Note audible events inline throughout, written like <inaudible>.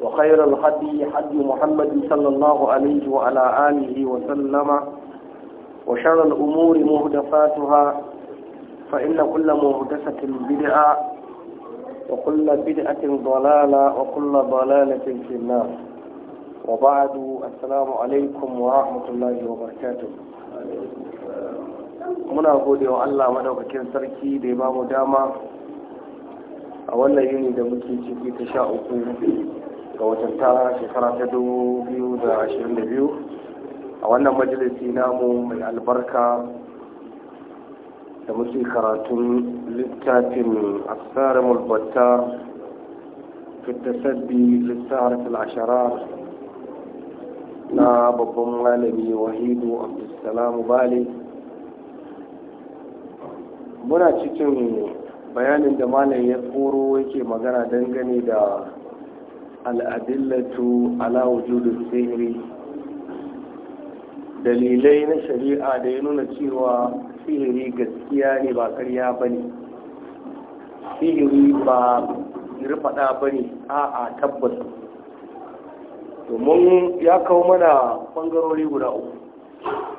وخير الهدي هدي محمد صلى الله عليه وعلى آله وسلم وشر الأمور مهدفاتها فإن كل مهدسة بدعة وكل بدعة ضلالة وكل ضلالة في النار وبعد السلام عليكم ورحمة الله وبركاته muna gode wa Allah madaukakin sarki da ya ba mu dama a wannan yini da muke ciki ta sha uku ga watan ta shekara ta dubu biyu da ashirin da biyu a wannan majalisi namu mai albarka da muke karatun littafin asarar mulbatta fitasabbi littafin al'asharar na babban malami wahidu abdulsalam bali muna cikin bayanin da malam ya koro yake magana dangane da al'adillatu ala wujudu sihiri dalilai na shari'a da ya nuna cewa sihiri gaskiya ne ba karya ba ne sihiri ba rufaɗa ba ne a tabbas domin ya kawo mana ɓangarori guda uku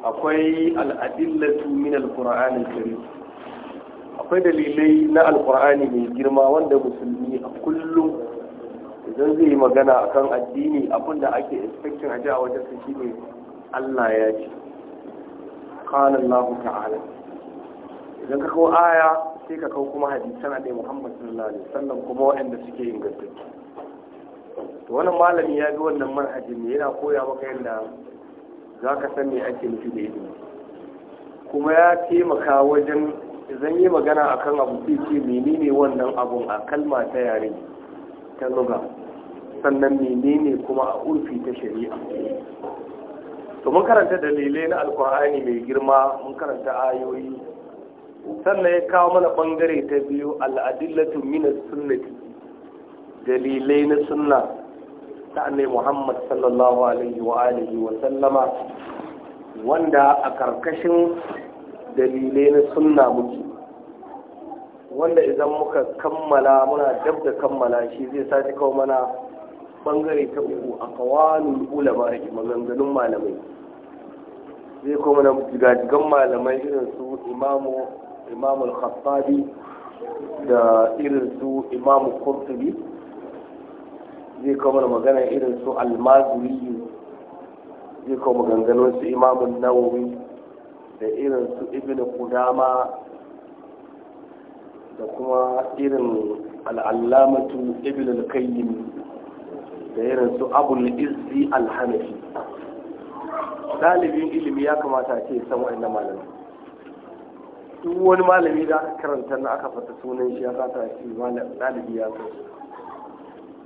akwai al'adillatu min al-qur'an akwai dalilai na al mai girma wanda musulmi a kullum don zai yi magana kan addini abinda ake inspection a ji a wajen su ne Allah ya ce qala Allah ta'ala idan ka kawo aya sai ka kawo kuma hadisan Annabi Muhammad sallallahu alaihi wasallam kuma waɗanda suke ingantattu to wannan malami ya ga wannan manhajin ne yana koya maka yadda za ka san me ake nufi da ilimi kuma ya taimaka wajen zan yi magana akan abu sai ce menene wannan abun a kalma ta yare ta lugar. sannan menene kuma a urfi ta shari'a to mun karanta dalilai na alkur'ani mai girma mun karanta ayoyi sannan ya kawo mana bangare ta biyu al'adillatu min sunnati dalilai na sunna ta annabi muhammad sallallahu alaihi wa alihi wa sallama wanda a karkashin dalilai na sunna muke wanda idan muka kammala muna dab da kammala shi zai sake kawo mana bangare ta uku a kawanin ba yake maganganun malamai zai kuma na gajigan malamai irin su imamu imamu al-khattabi da irin su imamu qurtubi zai kuma na magana irin su al-mazuri zai kuma maganganun su imamu nawawi da irin su ibn kudama da kuma irin al'allamatu ibn al-qayyim da irin su abul izzi alhanafi Dalibin ilimi ya kamata a ce san wani malami duk wani malami da aka karanta na aka fata sunan shi ya sata shi ɗalibi ya san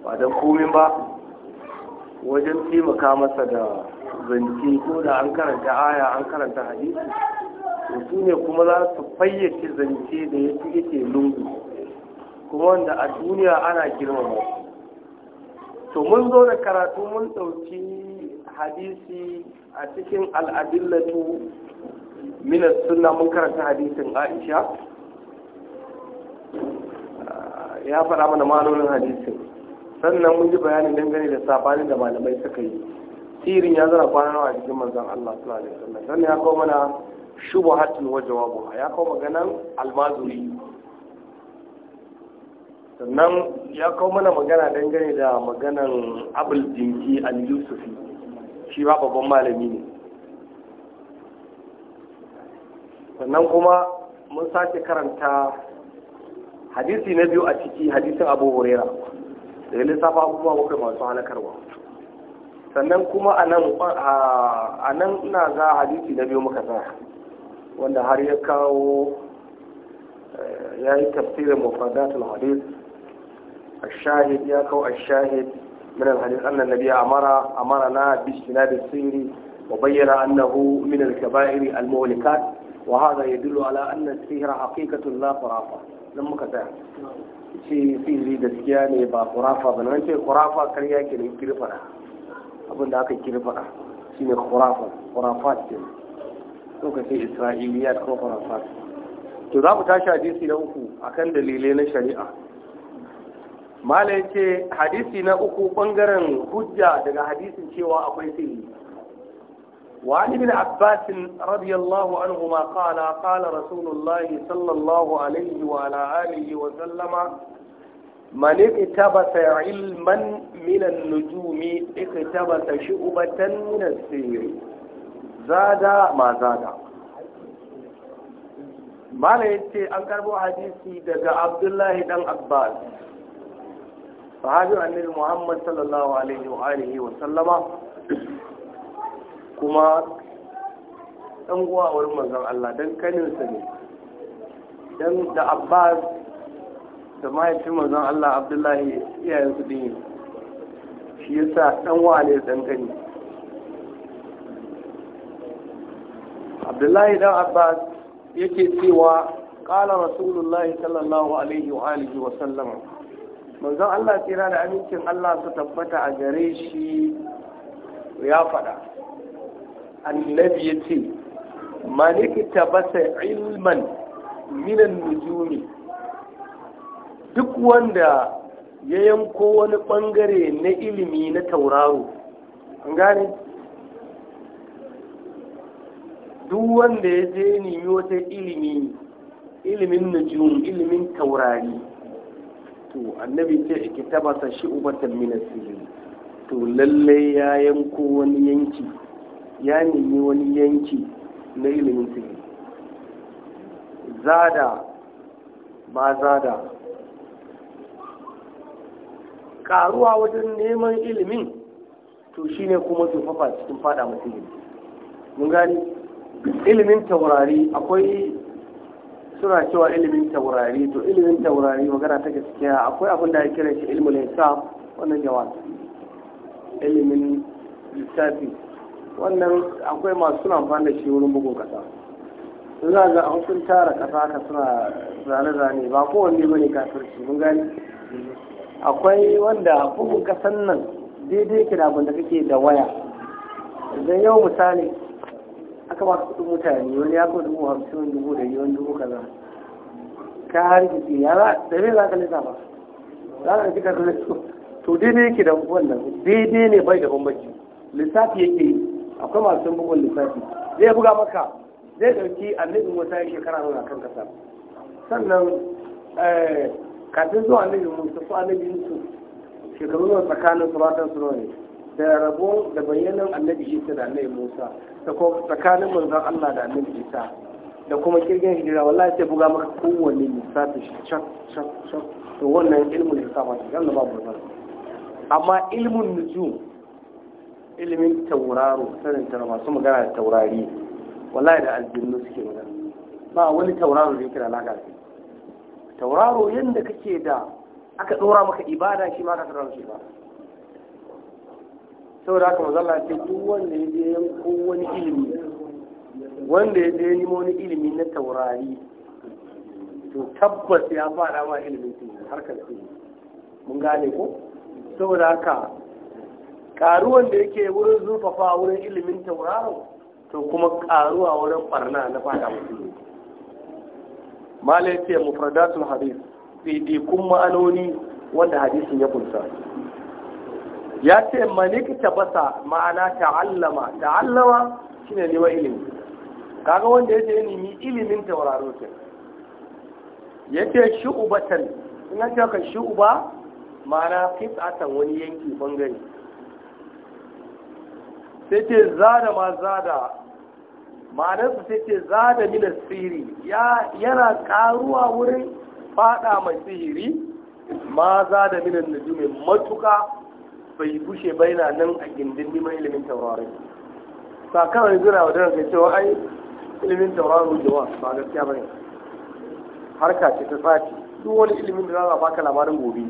ba don komin ba wajen taimaka masa da zance ko da an karanta aya an karanta hadisi to su ne kuma za su fayyace zance da yake lungu kuma wanda a duniya ana girmama su to mun zo da karatu mun ɗauki hadisi a cikin al'adillatu minas sunna mun karanta hadisin aisha ah, ya faɗa mana malolin hadisin sannan mun ji bayanin dangane da safari da malamai suka yi sirin ya zara kwana a cikin manzon Allah sallallahu alaihi wasallam sannan ya kawo mana shubuhatul wajawabu ya kawo maganan almazuri sannan ya kawo mana magana dangane da maganan abul jinki al-yusufi shi ba babban malami ne sannan kuma mun sake karanta hadisi na biyu a ciki hadisin abu huraira daga lissafa abubuwa bakwai masu halakarwa sannan kuma a nan ina za hadisi na biyu muka sa wanda har ya kawo eh, ya yi tafsirin mafadatul hadis الشاهد يا كو الشاهد من الحديث أن النبي أمر أمرنا باجتناب السير وبين أنه من الكبائر المهلكات وهذا يدل على أن السير حقيقة لا خرافة لما كتاب في في زيد السيانة با خرافة بل أنت خرافة كريا كريا كريفنا أبن داك كريفنا شيء خرافة خرافات كريا سوك شيء إسرائيليات خرافات to تاشا جيسي لوكو أكن دليلين uku malai ce hadisi na uku ɓangaren hujja daga hadisin cewa akwai sirri wani ibn abbasin radiyallahu anhu ma qala qala rasulullahi sallallahu alaihi wa ala alihi wa sallama man ittabasa ilman min an-nujumi ittabasa shu'batan min as-sirri zada ma zada malai ce an karbo hadisi daga abdullahi ɗan abbas sahabi annabi muhammad sallallahu alaihi wa alihi wa sallama kuma dan uwa wurin manzon Allah dan kaninsa ne dan da abbas da mahaifin manzon Allah abdullahi iyayen su din shi yasa dan uwa ne dan kanin abdullahi dan abbas yake cewa qala rasulullahi sallallahu alaihi wa alihi wa sallama manzon Allah tsira da amincin Allah su tabbata a gare shi ya faɗa annabi ya ce malikita tabbata ilman minan nujumi duk wanda ya yanko wani ɓangare na ilimi na tauraro an gane duk wanda ya je ni wata ilimi ilimin nujum ilimin taurari to annabi ce ikitabasa shi ubatan min asiri to lalle ya yanko wani yanki ya nemi wani yanki na ilimin sirri zada ba zada karuwa wajen neman ilimin to shine kuma zufafa cikin fada masu ilimin mun gani ilimin taurari akwai suna cewa ilimin taurari to ilimin taurari magana ta gaskiya akwai abin da ya kira shi ilimin hisab wannan yawa ilimin lissafi wannan akwai masu suna amfani da shi wurin bugun kasa sun za ga an sun tara kasa haka suna zane-zane ba kowanne ba ne kafirci mun gani akwai wanda bugun kasan nan daidai kira abin da kake da waya idan yau misali aka ba su kudin mutane wani ya kuma dubu hamsin wani dubu da wani dubu kaza ka hargitsi ya za da zai za ka lisa ba za ka ji karfi lissa to daidai yake da wannan daidai ne bai da bambanci lissafi yake yi akwai masu bugun lissafi zai buga maka zai ɗauki annabin wata ya shekara nuna kan kasa sannan eh, kafin zuwa annabin musu su annabin su shekaru nawa tsakanin su matan su da rabo da bayanan annabi isa da annabi musa da kuma tsakanin manzon allah da annabi isa da kuma kirgin hijira wallahi sai buga maka kowanne shi cak cak cak to wannan ilmin lissafa shi kan ba mu amma ilmin nujum ilimin tauraro sanin tara masu magana da taurari wallahi da aljinnu suke magana ba wani tauraro da yake da alaka da tauraro yadda kake da aka ɗora maka ibada shi ma ka tauraro shi ba. saboda haka mazalla ce duk wanda ya je yanko wani ilimi wanda ya je nemo wani ilimi na taurari to tabbas ya fara ma ilimin su harkar su mun gane ko saboda haka karuwan da yake wurin zurfafa wurin ilimin tauraro to kuma karuwa wurin barna na fada mutum mala ya ce mufradatul hadis ɗaiɗaikun ma'anoni wanda hadisin ya kunsa ya ce malik tabasa ma'ana ta'allama ta'allama shine wa ilimi kaga wanda ya je nemi ilimin tauraro ce ya ce shu'ubatan in ina ce ka uba? ma'ana kitsatan wani yanki bangare sai ce zada ma zada su sai ce zada mina sihiri yana karuwa wurin fada mai sihiri ma zada mina najumi matuka bai bushe ba na nan a gindin neman ilimin taurarin ba kawai zuna wa daren kai cewa ai ilimin taurarin jawa ba gaskiya ba ne harka ce ta sati duk wani ilimin da za a baka labarin gobe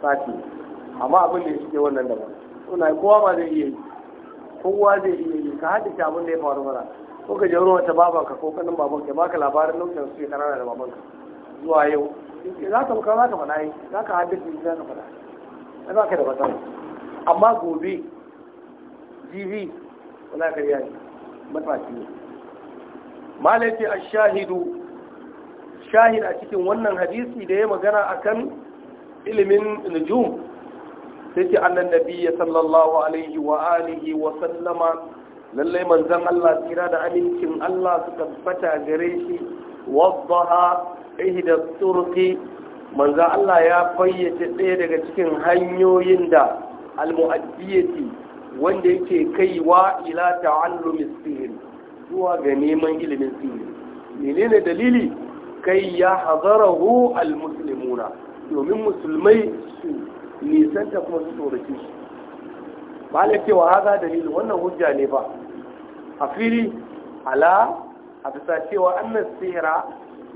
sati amma abin da ya shige wannan daban suna kowa ba zai iya yi kowa zai iya yi ka haɗe abin da ya faru mana ko ka jauro wata babanka ko kanin babanka ya baka labarin lokacin su ya karara da babanka zuwa yau za ka buka za ka faɗa yi za ka haddace za ka faɗa yi ka da fasari amma gobe jibi wala ka yayi matashi ne malaki a shahidu shahid a cikin wannan hadisi da ya magana akan ilimin nujum sai ce annan nabiyya sallallahu alaihi wa alihi wa sallama lallai manzan Allah tsira da amincin Allah su tabbata gare shi waddaha da turqi manzan Allah ya fayyace ɗaya daga cikin hanyoyin da almu'addiyati wanda yake kaiwa ila ta'allumi sihir zuwa ga neman ilimin sihir menene dalili kai ya hazarahu almuslimuna domin musulmai su nisanta kuma su tsorace shi malam cewa haza dalili wannan hujja ne ba a fili ala a cewa annas sihira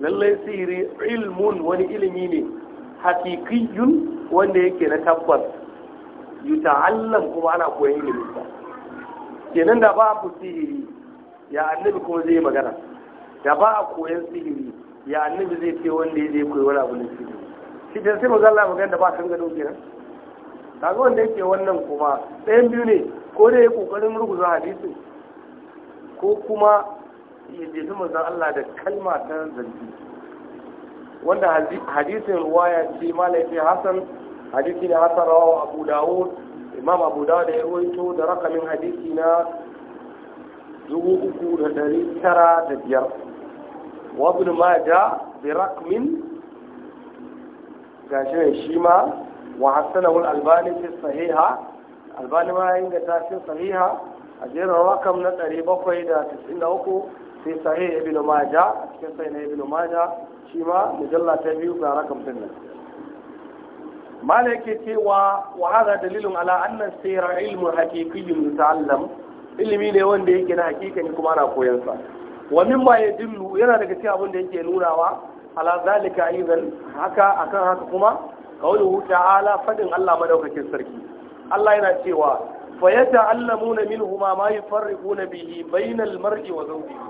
lallai sihiri ilmun wani ilimi ne hakikiyun wanda yake na tabbas yuta'allam kuma ana koyon ilimin sa kenan da ba ku sihiri ya annabi kuma zai magana da ba a koyon sihiri ya annabi zai ce wanda zai koyi wani abu na sihiri shi da sai magana magana da ba kan gado kenan kaga wanda yake wannan kuma ɗayan biyu ne ko dai ya kokarin ruguza hadisin ko kuma ya jefi manzon Allah da kalma ta zargi wanda hadisin ruwaya ce malai ce Hassan hadisi ne hasan rawahu abu dawud imam abu dawud ya rawaito da rakamin hadisi na dubu uku da dari tara da biyar wa ibn majah bi rakmin gashi ne shi ma wa hasanahu al-albani fi sahiha albani ma yin ga sahiha a jerin rakam na 793 sai sahih ibn majah cikin sahih ibn majah shi ma mujalla ta biyu ga rakam din mala yake cewa wa hada dalilun ala annan sayra ilmu haqiqiyyun musallam ilimi ne wanda yake na hakika ne kuma na koyon sa wa mimma yadullu yana daga cikin abin da yake nunawa ala zalika aidan haka akan haka kuma qawluhu ta'ala fadin Allah madaukakin sarki Allah yana cewa fayata'allamuna minhuma ma yufarriquna bihi bainal mar'i wa zawjihi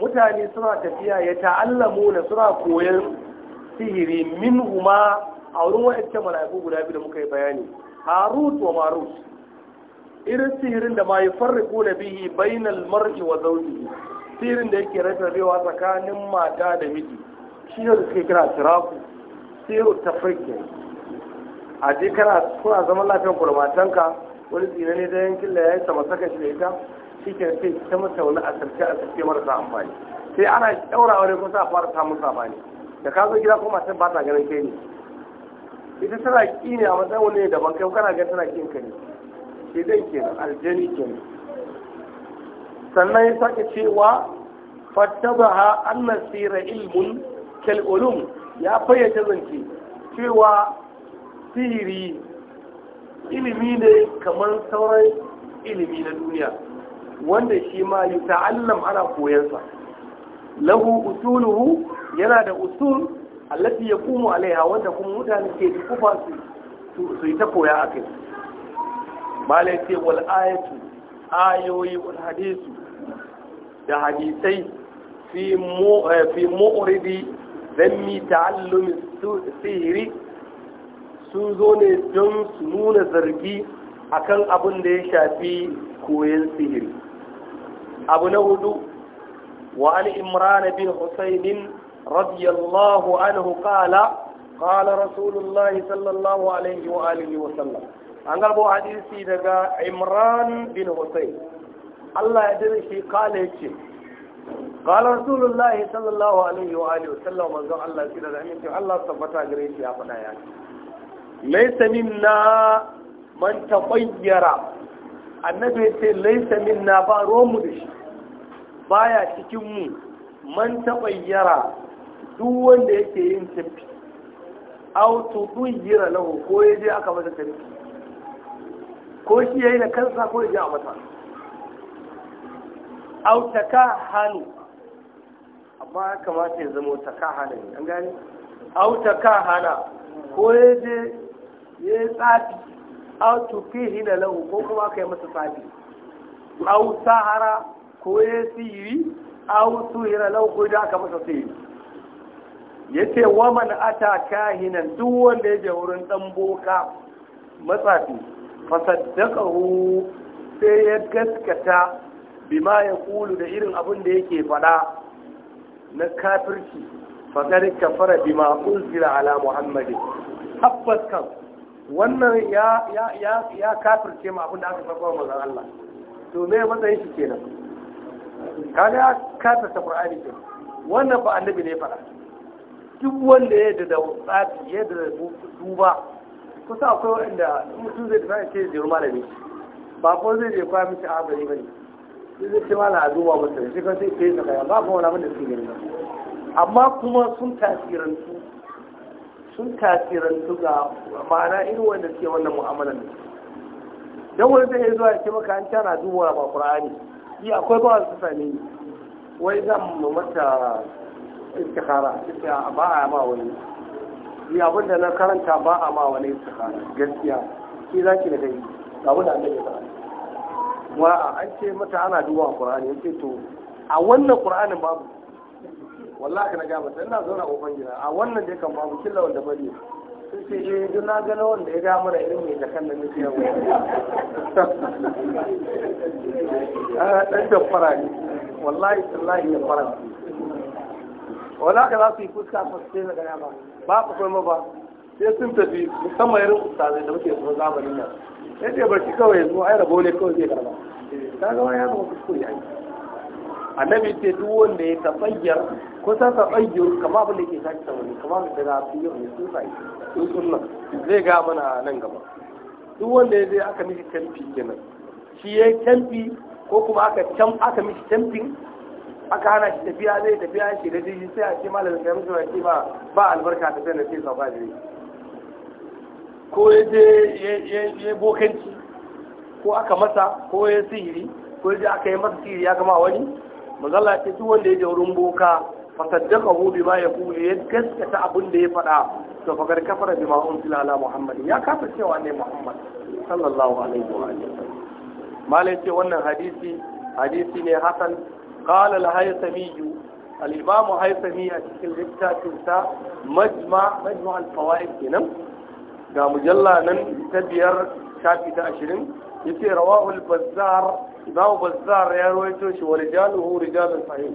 mutane suna tafiya ya suna koyon sihiri minhuma a wurin wa'ancan mala'iku guda biyu da muka yi bayani harut wa marut irin sihirin da ma yi farriku da bihi bainal mar'i wa zauji sihirin da yake rewa tsakanin mata da miji shi ne suke kira tiraku sihiru tafrike a je kana kuna zaman lafiyar ku matanka wani tsina ne da yankin da ya yi sama saka shi da ita shi ke sai ta mata wani a sarki marasa amfani sai ana ɗaura wani kusa a fara samun sabani da ka zo gida kuma matan ba ta ganin kai ne ita tana ki ne a matsayin wani daban kai kana ga tana kin ka ne ke dai kenan aljani kenan sannan ya sake cewa fattabaha an sira ilmun kal ulum ya fayyace zance cewa sihiri ilimi ne kamar sauran ilimi na duniya wanda shi ma yi ta'allam ana koyansa lahu usuluhu yana da usul allati yaqumu alaiha wanda kuma mutane ke kufa su su yi ta koya akai malai ce wal ayatu ayoyi wal hadisu da hadisai fi mu eh, fi mu'ridi zammi ta'allum sihiri sun zo ne don su nuna zargi akan abin da ya shafi koyon sihiri abu na hudu wa Imrana imran bin husainin رضي الله عنه قال قال رسول الله صلى الله عليه an garbo hadisi daga imran bin hussein allah ya jira shi kala yake kala rasulullahi sallallahu alaihi wa alihi wasallam manzon allah ya kira da aminci allah tabbata gare ya faɗa ya laisa minna man taqayyara annabi ya ce laisa minna ba ruwan da shi baya cikin mu man duk wanda yake yin tafi auto duyyira lahu ko ya je aka masa tafi ko shi yayi da kansa ko ya je a masa autaka hannu amma ya kamata ya zama taka hana ne an gani autaka hana ko ya je ya yi tsafi auto fihi hina lahu ko kuma aka yi masa tsafi au sahara ko ya siri au hira lahu ko ya aka masa siri yace waman ata kahinan duk wanda ya je wurin dan boka matsafi fasaddaqahu sai ya gaskata bima ya kulu da irin abin da yake faɗa na kafirci faɗar kafara bima unzila ala muhammadi tabbas kan wannan ya ya ya ya kafirce mu abin da aka saba manzo Allah to me matsayin shi kenan kaga ya kafirta qur'ani ke wannan ba annabi ne faɗa duk wanda ya da tsafi ya da duba kusa akwai wanda mutum zai tafi ce da ne ba ko zai je kwa miki abari bane zai ce mala a duba masa shi kan sai kai saka ba ko wani abin da suke amma kuma sun tasirantu sun tasirantu ga ma'ana irin wanda suke wannan mu'amalar ne dan wani zai zuwa ya ce maka an tana duba ba qur'ani yi akwai ba su sani wai zan mata istikhara ba a ma wani ya abin da na karanta ba a ma wani istikhara gaskiya shi za ki da kai ga wanda annabi ya wa a an ce mata ana duba qur'ani ce to a wannan qur'anin babu wallahi na ga ba sai ina zauna ofan gida a wannan da kan babu killa wanda bari sai ce eh duk na ga wanda ya ga mana irin mai jakan da nake yawo a <laughs> dan ah, da fara farani wallahi sallahi ya fara farani wala ka za su yi fuska su sai na gana ba ba ku kuma ba sai sun tafi musamman irin ustazai da muke zuwa zamanin nan sai dai barci kawai zuwa ai rabo ne kawai zai karba ta zama ya zama kuskure ai annabi ce duk wanda ya tafayyar ko kusan tafayyar kamar abin da ke sake tawani kama da za daga fiye mai tsuntsaye tsuntsun nan zai ga mana nan gaba duk wanda ya zai aka mishi canfi kenan shi ya canfi ko kuma aka can aka mishi canfin aka hana shi tafiya zai tafiya shi da jirgi sai a ce malam kai musu ce ba ba albarka ta sai na ce sauka ne ko ya je ya bokanci ko aka masa ko ya sihiri ko ya je aka yi masa sihiri ya kama wani mazalla ce duk wanda ya je wurin boka fasaddaka hu ya yaqulu ya gaskata abin da ya faɗa to fagar gar kafara bima unzila ala muhammad ya kafa cewa ne muhammad sallallahu alaihi wa alihi malai ce wannan hadisi hadisi ne hasan قال الهيثمي الإمام هيثمي cikin لكتاتنسا مجمع مجمع الفوائد هنا ga mujalla nan ta biyar shafi ta ashirin ya ce rawahul bazzar imamu bazzar ya rawaito shi wa rijaluhu rijalun sahih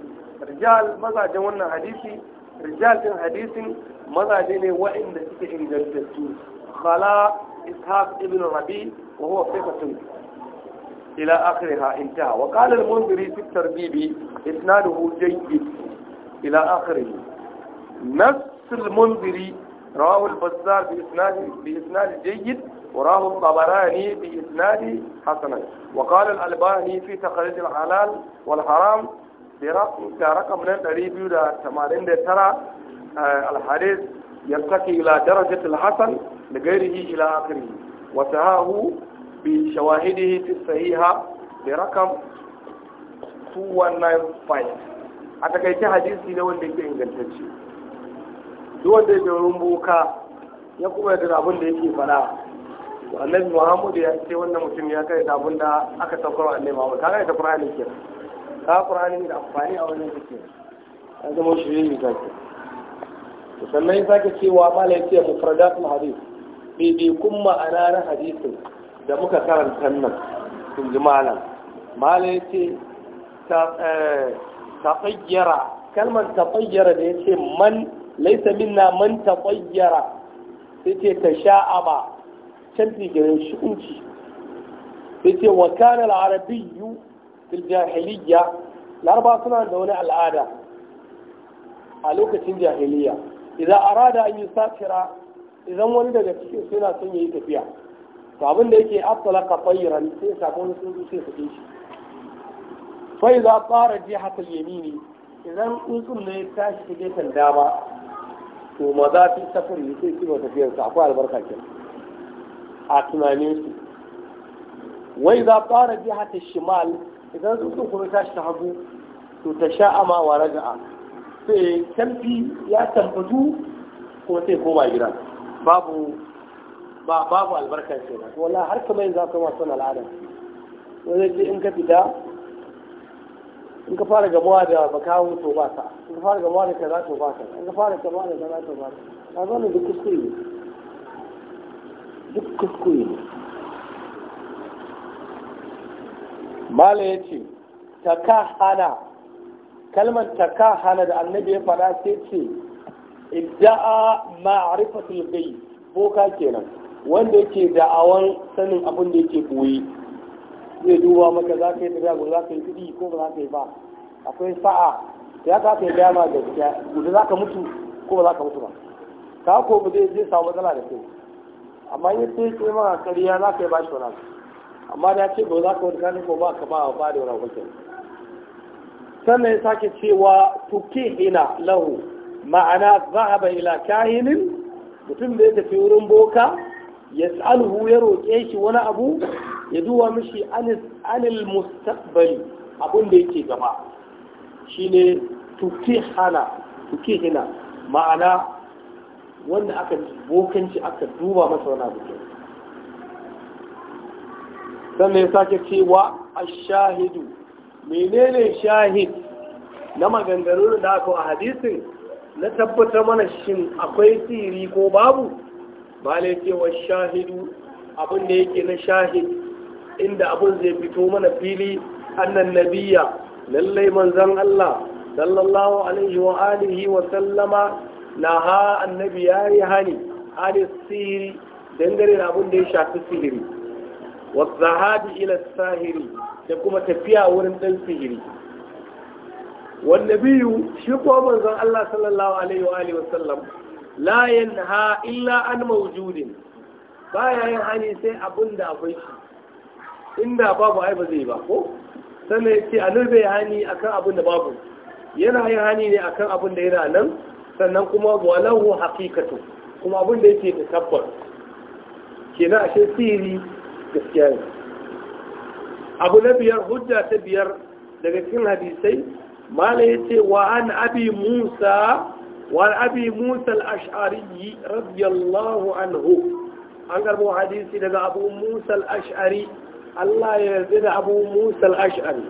rijal wannan hadisi rijal din hadisin mazaje ne waɗanda suke ingantattu khala ishaq ibn rabi wa huwa thiqatun إلى آخرها انتهى وقال المنذري في التربيبي إسناده جيد إلى آخره نفس المنذري رواه البزار بإسناد, بإسناد جيد وراه الطبراني بإسناد حسنا وقال الألباني في تقليد الحلال والحرام برقم من الريبيو دا تمارين دا آه، ترى الحديث يرتقي إلى درجة الحسن لغيره إلى آخره وتهاه بشواهده في الصحيحة برقم 2195 أتكيت حديثي لو أنك إنجلتشي duk wanda ya rumbuka ya kuma yadda abin da yake fara to annabi muhammadu ya ce wannan mutum ya kai da abin da aka saukar annabi muhammadu ka kai ta qur'ani ke ka qur'ani da amfani a wannan take ya zama shirye ta ke to sannan ya sake cewa malai ce mufradatul hadith bi bi kun ma'ana na hadisin da muka karanta nan sun ji malam malam ya ce taɓayyara eh, kalmar taɓayyara da ya ce man laisa minna man taɓayyara Ya ce ta sha'aba canfi garin shi'unci Ya ce wa kana al'arabiyyu fil jahiliya larba suna da wani al'ada a lokacin jahiliya idan arada an yi safira idan wani daga cikin suna son yi tafiya to abin da yake ka tsayiran sai samu wani tsuntsu sai su shi fai za fara je haka ne idan tsuntsun ne ta shi ta gefen dama to maza fi yi, sai su ba tafiyarsa akwai albarka ke a tunanin su wai za fara je haka shimal idan tsuntsun kuma ta shi ta hagu to ta ma wa raja'a sai kamfi ya tambatu ko sai koma gida babu ba babu albarka ce ba wala har kamar yanzu ma masu al'ada wani ce in ka fita in ka fara gamuwa da makawo to ba ka in ka fara gamuwa da kaza to ba ka in ka fara gamuwa da kaza to ba ka ka zo duk kuskure ne duk kuskure ne mala ya ce takahana kalmar takahana da annabi ya fara sai ce idda'a ma'arifatul ghaib boka kenan wanda yake da'awan sanin abin da yake koyi zai duba maka za ka yi tafiya gobe za ka yi kuɗi ko ba za ka yi ba akwai sa'a ya za ka yi dama gaskiya gobe za ka mutu ko ba za ka mutu ba ka ko ba zai samu matsala da kai amma in sai ke ma kariya za ka yi bashi wani amma da ya ce ba za ka wani kani ko ba ka ba ba da wani wakil sannan ya sake cewa ina lahu ma'ana zahaba ila kahinin mutum da ya tafi wurin boka Ya yas'aluhu ya roƙe shi wani abu ya duwa mishi anil mustaqbali abin da yake gaba shine tukihana tukihina ma'ana wanda aka bokanci aka duba masa wani abu sannan ya sake cewa a shahidu? menene shahid na maganganun da aka a hadisin na tabbatar mana shin akwai siri ko babu malai wa shahidu abin da yake na shahid inda abin zai fito mana fili annan nabiya lallai manzan Allah sallallahu alaihi wa alihi wa sallama na ha annabi ya yi hani hali sihiri dangane da abin da ya shafi sihiri wa zahabi ila sahiri da kuma tafiya wurin dan sihiri biyu shi ko manzan Allah sallallahu alaihi wa alihi wa sallam la yanha illa an mawjudin baya yin hani sai abin da akwai shi inda babu ai ba zai ba ko sannan yace annabi bai hani akan abin da babu yana yin hani ne akan abin da yana nan sannan kuma walahu haqiqatu kuma abin da yake da tabbas kenan ashe sirri gaskiya ne abu na biyar hujja ta biyar daga cikin hadisai malai yace wa an abi musa والأبي موسى الأشعري رضي الله عنه أنقربوا حديثي لدى أبو موسى الأشعري الله يزيد أبو موسى الأشعري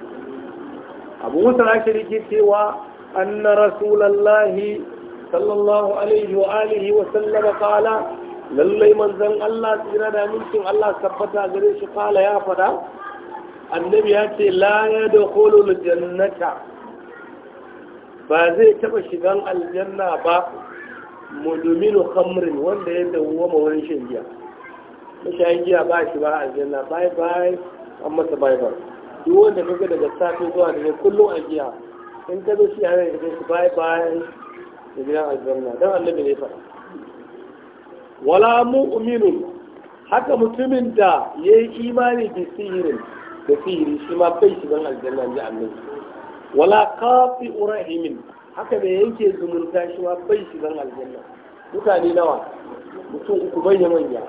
أبو موسى الأشعري سوى أن رسول الله صلى الله عليه وآله وسلم قال للي من زن الله تجرد منكم الله ثبتها قريش قال يا فدا النبي هاتي لا يدخل الجنة ba zai taba shigan aljanna ba mudumin khamrin wanda ya ma wani shan giya shan giya ba shi ba aljanna bye bye an masa bye bye duk wanda kaga daga safe zuwa da kullum a giya in ka zo shi a rai da shi bye bye da gidan aljanna dan Allah ne fa wala mu'minun haka mutumin da yayi imani bi sihirin da sihiri shi ma bai shigan aljanna ne annabi wala kafi urahimin haka da yanke zumunta shi ma bai shigan aljanna mutane nawa mutum uku manya manya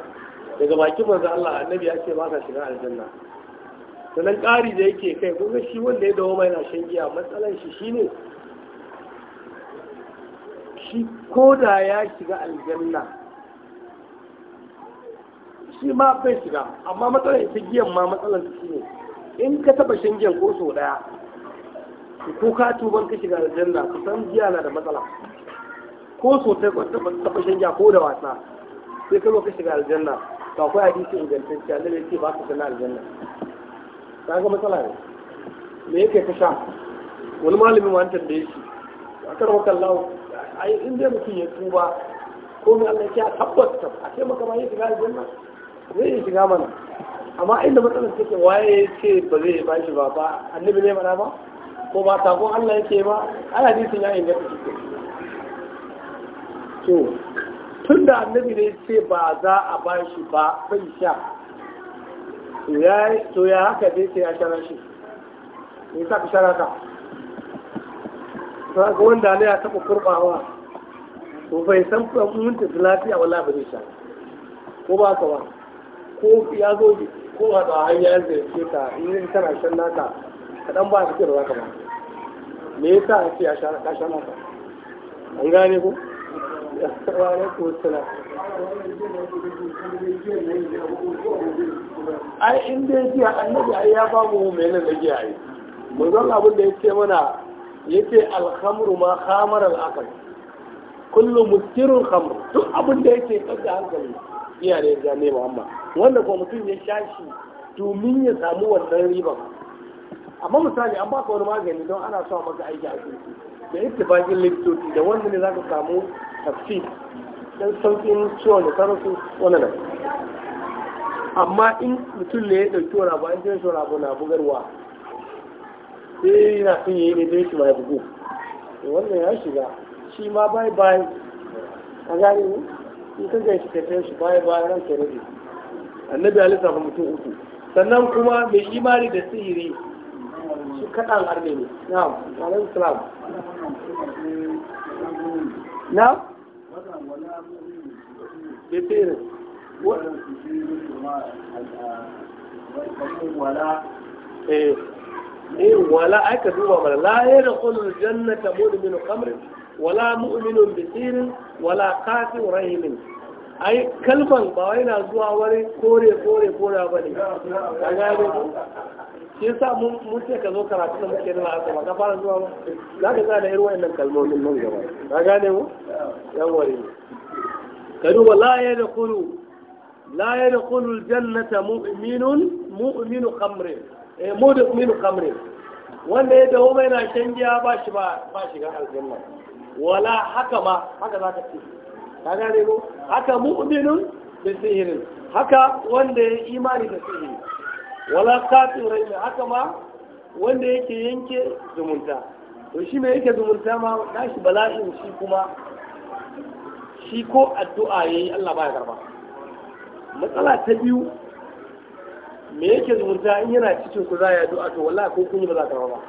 daga bakin manzo Allah annabi ya ce ba ka shiga aljanna sanan ƙari da yake kai kuma shi wanda ya dawo mai na shan giya matsalar shi shine shi ko da ya shiga aljanna shi ma bai shiga amma matsalan ita giyan ma matsalan shi ne in ka taba shan giyan ko sau daya ko ka tuban ka shiga aljanna ka san giya na da matsala ko so ta taɓa shan giya ko da wasa sai ka zo ka shiga aljanna to akwai hadisi ingantacce annabi ya ce ba ka shiga aljanna ka ga matsala ne me yake ka sha wani malamin ma an tambaye shi a kan wakan ai in dai mutum ya tuba ko mai Allah ya tabbata a ce maka ma ya shiga aljanna zai iya shiga mana amma inda matsalar take waye ya ce ba zai ba shi ba ba annabi ne mana ba ko ba sakon Allah yake ba ana hadisin ya inganta shi to tun da annabi ne ce ba za a ba shi ba bai sha to ya haka dai sai ya shara shi me yasa ka shara ka ga wanda ne ya taɓa kurɓawa to bai san mun tafi lafiya wala ba zai sha ko ba ka ba ko ya zo ko a hanyar zai ya ce ta in tana shan naka kaɗan ba a cikin da za ka ba me yasa a ce a shara ka sha naka an gane ku a alaikum assalam ai in dai jiya annabi ai ya ba mu mai nan da jiya ai mun zan abin da yake mana yake alhamru ma khamar al-aqal kullu muskirun khamr duk abin da yake kada hankali iya ne ya nema amma wanda kuma mutum ya shashi domin ya samu wannan riba. amma misali an baka wani magani don ana sa maka aiki a kirki da ittifaqin likitoci da wanda ne zaka samu tafsir dan saukin ciwon da sarrafu wannan nan amma in mutum ne ya dauki wani abu an je shi wani abu na bugarwa sai yana son yi ne dai shi ma ya bugu wannan ya shiga shi ma bai bai a gani ne in ka shi ka tashi bai bai ran ka rage annabi alisa mutum uku sannan kuma mai imani da sihiri su kaɗan harbe ne na alaikum salam na eh. eh, wala aka duba mana la yana kullum jannata mu'minu kamrin wala bisirin wala kafin rahimin ai kalman ba wai na zuwa wani kore kore kore ba ne shi sa mun mun ce ka zo karatu da muke nuna asaba ka fara zuwa ba za ka tsaya da irin wayannan kalmomin nan gaba ka gane mu yan wari ka duba la ya da kulu la ya da kulu jannata mu'minun mu'minu khamrin eh mu'minu khamrin wanda ya dawo mai na shan giya ba shi ba ba ga aljanna wala haka ma haka za ka ce ka gane mu haka mu'minun da sihirin haka wanda ya imani da sihiri wala kafin rai haka ma wanda yake yanke zumunta to shi mai yake zumunta ma nashi bala'in shi kuma shi ko addu'a yayi Allah baya karba matsala ta biyu me yake zumunta in yana cikin ku za ya addu'a to wallahi ko kun yi ba za ka ba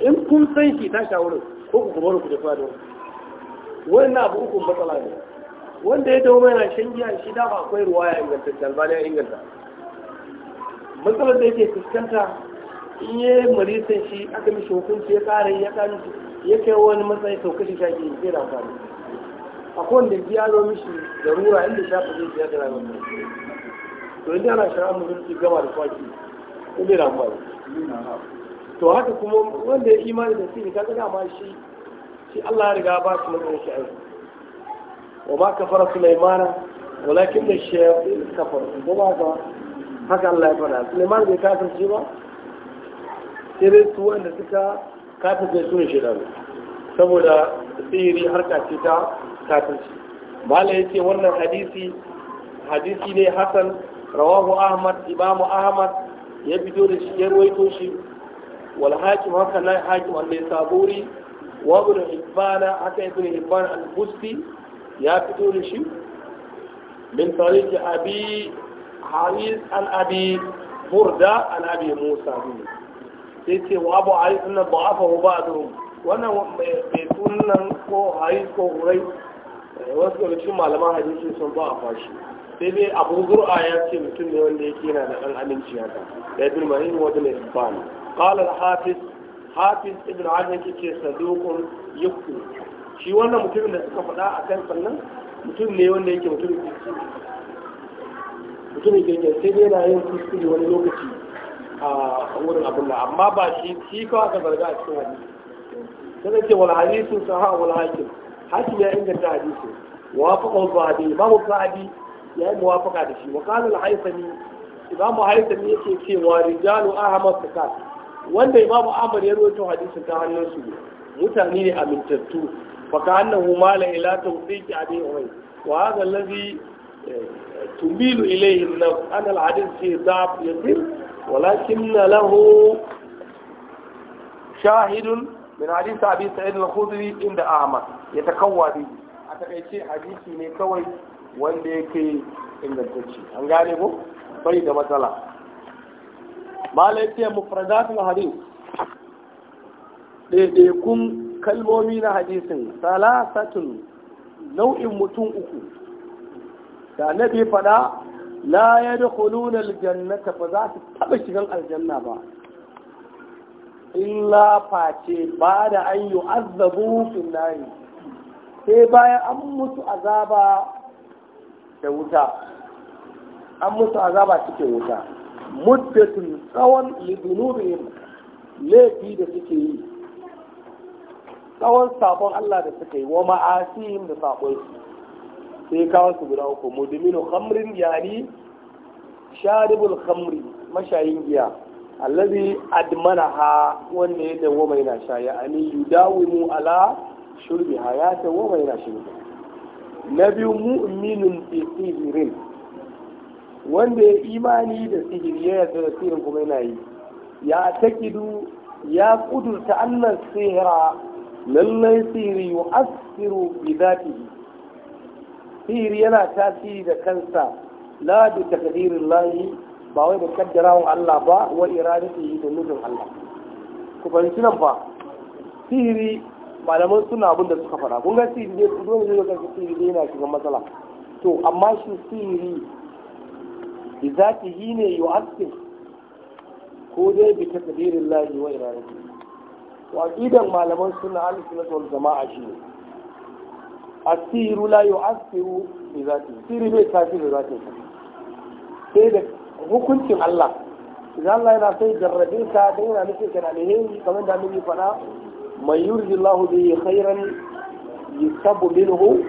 in kun san shi ta shawarin ko ku kuma ku tafi addu'a wannan abu uku matsala ne wanda ya dawo yana shan giya shi da ba akwai ruwaya ingantacce albaniya inganta matsalar da yake fuskanta in yi marisan shi aka mishi hukunci ya kare ya kare ya kai wani matsayi sau kashe shaƙi ya kera amfani a kowanne biya zo mishi da rura inda shafa zai biya da rayuwar to inda ana shara musulunci gama da kwaki ko bai ramu ba to haka kuma wanda ya imani da sirri kaga ma shi shi Allah ya riga ba shi matsayin shi aiki wa ma kafara sulaimana walakin da shayatin kafara ko ba haka Allah ya fara Suleiman bai shi ba sai dai su wanda suka kafirce su ne shedanu saboda tsiri harka ce ta kafirci mala ya ce wannan hadisi hadisi ne hasan rawahu ahmad imamu ahmad ya fito da shi ya ruwaito shi wal hakim haka na hakim wanda ya saburi wa ibn hibban haka ibn hibban al-busti ya fito da shi min tariqi abi haris an abi burda an abi musa ne sai ce wa abu haris na ba a fahu ba da wannan mai sunan ko haris ko hurai eh, wasu daga cikin malaman hadisi sun ba a fashi sai dai abu zur'a ya ce mutum ne wanda yake yana da ɗan aminci haka da ibn mahin wajen da ibn qala al-hafiz hafiz ibn hajar yake saduqun yakku shi wannan mutumin da suka faɗa a kan sannan mutum ne wanda yake mutum mutumin kirkin sai dai yana yin kuskure wani lokaci a wurin abin amma ba shi shi kawai aka zarga a cikin hadisi sai ce wani wal hadisu sahha wal hakim hakim ya inganta hadisi wafaqa al-zahabi imam al-zahabi ya yi muwafaqa da shi wa qala al-haythami imam al-haythami yake cewa rijalu ahmad sakat wanda imam ahmad ya rawaito hadisin ta hannun su mutane ne amintattu fa ka annahu mala ila tawfiq abi umayy wa hadha alladhi تميل إليه النفس أنا العديد shahidun ضعف يسير ولكن له شاهد من حديث أبي سعيد الخدري عند أعمى يتقوى به أتقيتي حديثي من كوي wanda yake ingantacce an gane ko bai da matsala malai ce mufradatul hadis ɗaiɗaikun kalmomi na hadisin salasatun nau'in mutum uku da annabi faɗa la yadkhuluna aljannata ba za su taba shigan aljanna ba illa face ba da an yi azabu fillahi sai bayan an mutu azaba da wuta an mutu azaba cikin wuta muddatin tsawon lidunubin laifi da suke yi tsawon sabon Allah da suke yi wa ma'asihim da sabon su sai kawo su guda uku mudminu khamrin yani sharibul khamri mashayin giya allazi admanaha wanda ya tawo mai sha ya ani yudawimu ala shurbiha ya dawoma na sha na biyu mu'minun bi sihirin wanda ya imani da sihiri ya yarda da sihirin kuma yana yi ya takidu ya kudurta annar sihira lallai sihiri yu'assiru bi zatihi sihiri yana tasiri da kansa la bi takdirin ba wai da kaddarawan Allah ba wa iradatihi da nufin Allah ku fahimci nan ba sihiri malaman suna abin da suka fara kun ga sihiri ne su dole ne kan sihiri ne yana shiga matsala to amma shi sihiri bi zatihi ne yu'assir ko dai bi takdirin lahi wa iradatihi wa aqidan malaman suna al-sunnah wal jama'a shi ne asiru la yu'assiru bi yi siri bai tafi da zati sai da hukuncin Allah idan Allah yana sai jarrabe ka da yana nufin kana alheri kamar da annabi faɗa man yurjillahu bihi khairan yusabu minhu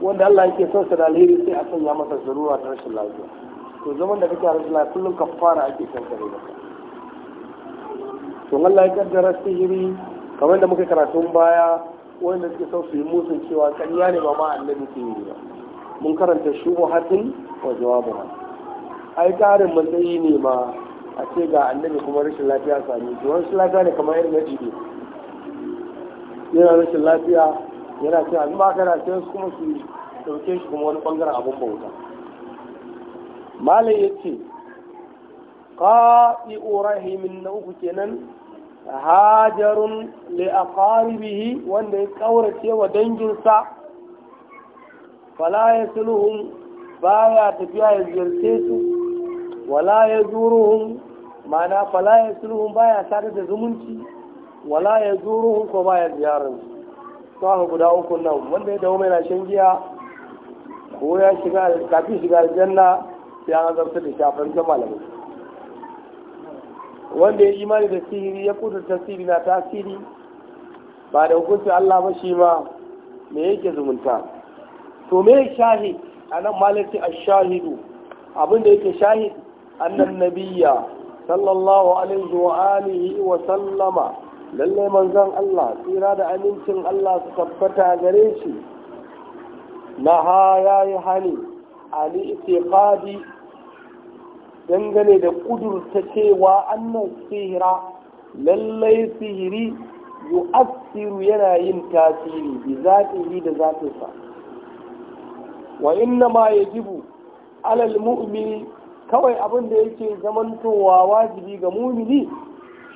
wanda Allah yake son sa da alheri sai a sanya masa zarura ta rashin lafiya to zaman da kake rashin lafiya kullum kafara ake son ka da to Allah ya kaddara sihiri kamar da muka karatun baya wanda suke son su yi musun cewa ƙarya ne ba ma annabi ke yi ba mun karanta shubuhatin wa ba ai ƙarin matsayi ne ma a ce ga annabi kuma rashin lafiya sami shi rashin lafiya ne kamar irin yaji ne yana rashin lafiya yana ce a zuba kana sai kuma su dauke shi kuma wani bangaren abun bauta malai ka yi ƙorahimin na uku kenan hajarun li aqaribihi wanda ya kaurace wa danginsa fala yasluhum baya tafiya ya ziyarce su wala yazuruhum mana fala yasluhum baya sada da zumunci wala yazuruhum ko baya ziyarar su ka guda uku nan wanda ya dawo mai na shan giya ko ya shiga kafin shiga aljanna sai an azabta da shafin malamai wanda ya imani da sihiri ya kuta sihiri na tasiri ba da hukunci Allah ba shi ma me yake zumunta to me a anan malaki ash-shahidu abinda yake shahid annan nabiyya sallallahu alaihi wa alihi wa sallama lalle manzon Allah tsira da amincin Allah su tabbata gare shi ya yi hani ali itiqadi dangane da kudurta cewa annan sihira lallai sihiri yu'assiru yana yin tasiri bi zatihi da zatinsa wa inna ma jibu alal mu'mini kawai abin da yake zamantowa wajibi ga mumini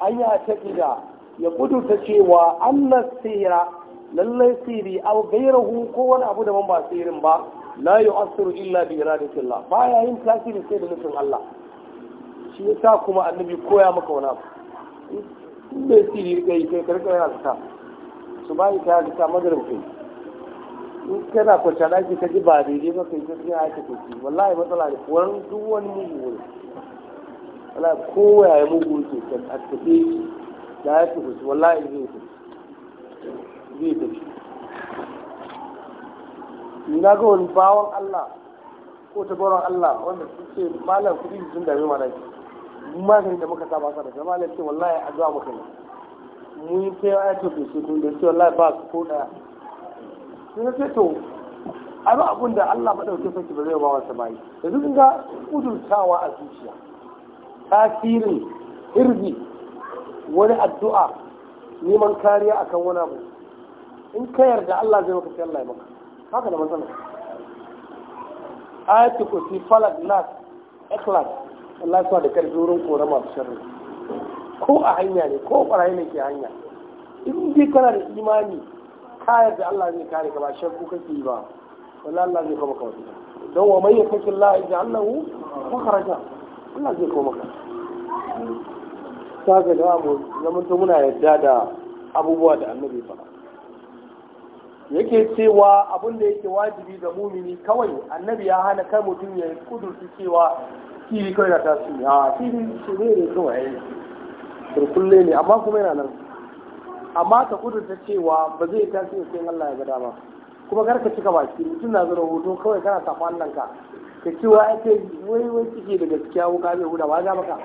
an a taƙida ya kudurta cewa annan sihira lallai sihiri au gairahu ko wani abu daban ba sihirin ba la yu'assiru illa bi iradatillah baya yin tasiri sai da nufin Allah shi yasa kuma annabi koya maka wani abu in bai siri kai kai karka yana ta su ba ta da ta magarib kai in kana kwanta daki ka ji ba da yi ba kai sai ya ta kai wallahi matsala ne wani duk wani mugu ne wallahi kowa ya mugu ke kan a tafi da ya tafi wallahi zai tafi zai tafi na ga wani bawon Allah ko ta bawon Allah wanda suke malam kudi sun dame mana maganin da muka saba sa da shi malam ce wallahi addu'a muka ne, mun yi kai ayatul kursi kun da ce wallahi ba su ko daya sun ce to ai ba abun da Allah madaukakin sarki ba zai ba wa samai da duk ga kudurtawa a zuciya tasirin irbi wani addu'a neman kariya akan wani abu in ka yarda Allah zai maka sai Allah ya maka haka da matsala ayatu kursi falak nas ikhlas Allah ya da karfi wurin kora masu sharri ko a hanya ne ko barayi ne ke hanya in dai kana da imani kayar da Allah zai kare ka ba shakku kake ba wallahi Allah zai kuma ka wata don wa mai yakin Allah ya ja'allahu makharaja Allah zai kuma ka ta ga da mu zaman to muna yadda da abubuwa da annabi faɗa yake cewa abin da yake wajibi ga mumini kawai annabi ya hana kai mutum ya kudurci cewa kiri kawai na tasiri a kiri su ne ne kawai turkulle ne amma kuma yana nan amma ka kudurta cewa ba zai yi tasiri sai Allah ya ga dama kuma kar ka cika baki mutum na zura hoto kawai kana safa Allah ka ka ci wa ake wai wai cike da gaskiya wuka mai huda ba ga maka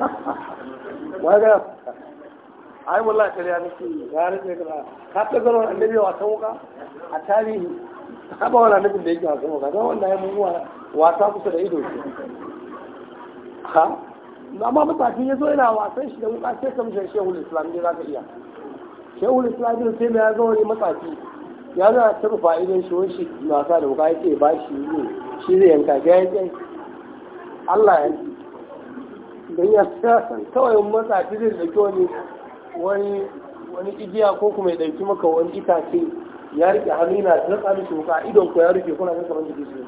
<laughs> wa ga ai wallahi ya nake ya rike kaza ka ta zama annabi wasan wuka a tarihi ka ba wala nabin da yake wasan wuka don wanda ya muwa wasa kusa da ido shi ha amma matafi ya zo yana wasan shi da wuka sai ka mishi shehu islam ne za ka iya shehu islam ne sai ya zo wani matsafi. ya zo a taɓa idan shi wani shi wasa da wuka yake ba shi ne shi zai yanka ga ya Allah ya don ya san kawai matsafi zai da wani. wani igiya ko kuma ya ɗauki maka wani itace ya rike hannu yana tsari su muka idon ko ya rike kuna kan kamar jiki su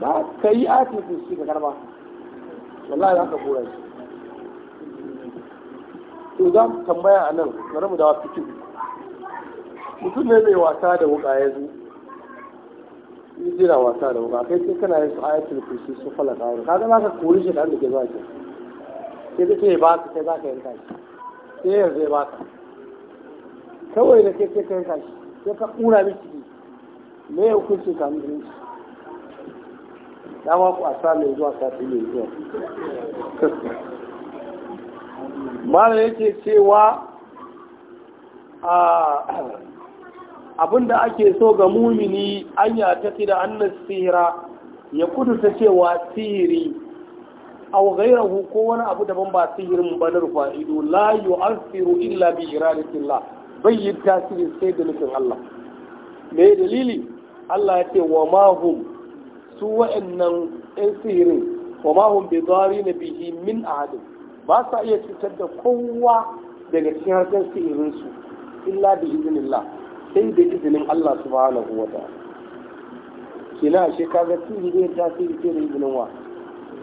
ba ka yi ake su shi ga karba wallahi za ka kora shi to za mu tambaya a nan bari mu dawa fikin mutum ne mai wasa da wuka ya zo yana wasa da wuka kai sai kana yin su ayatul kursi su falaka ka ga za ka kori shi da an da ke zuwa ke sai ka ce ba ka sai za ka yanka shi sai ya zai baka kawai da kai sai ka yanka shi sai ka ƙura mai ciki me ya hukunci ka mutum shi dama ku a sa mai zuwa sati mai zuwa <laughs> malam yake cewa abinda ake so ga mumini an ya tafi annas sihira ya kudu ta cewa sihiri aw ghayrahu ko wani abu daban ba sihirin ba na rufa ido la yu'athiru illa bi iradatillah bai yi tasiri sai da nufin Allah me dalili Allah ya ce wa ma hum su wa'annan ɗan sihirin wa ma hum bi na bihi min ahadin ba sa iya cutar da kowa daga cikin harkar sihirinsu illa bi iznillah sai da izinin Allah subhanahu wa ta'ala kina shi kaga sihiri tasiri sai da izinin wa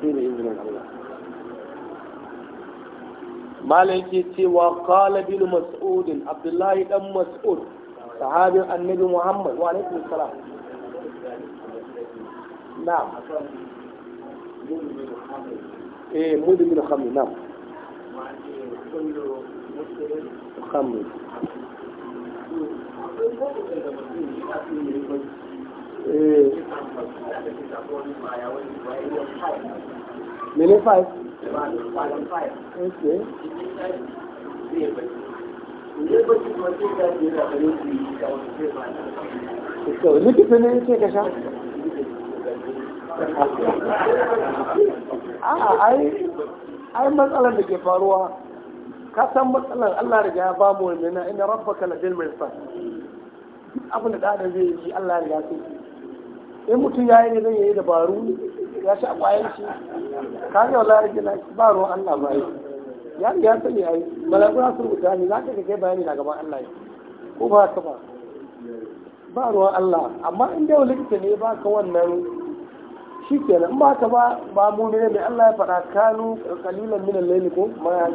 تفسيره من الله مالك يتي وقال بن مسعود عبد الله بن مسعود صحاب النبي محمد وعليه السلام نعم ايه مود بن خمي نعم خمي Eh. Mene five? Okay. So, ne ke ka sha? A'a, <laughs> ah, ai, matsalar da ke faruwa, ka san matsalar Allah riga ya ba mu wani na ina rabbaka na bil mirsa. abin da zai yi Allah riga fi. in mutum ya yi ne zai yi dabaru ya sha ƙwayar shi ka ga wala rage na ba ruwan Allah ba yi ya ya sani ai malakuna sun rubuta ne za ka kai bayani na gaban Allah ko ba ka ba ba ruwan Allah amma in dai wani likita ne ba ka wannan shi kenan ba ka ba ba mu ne mai Allah ya faɗa kanu kalilan min al-layli ko ma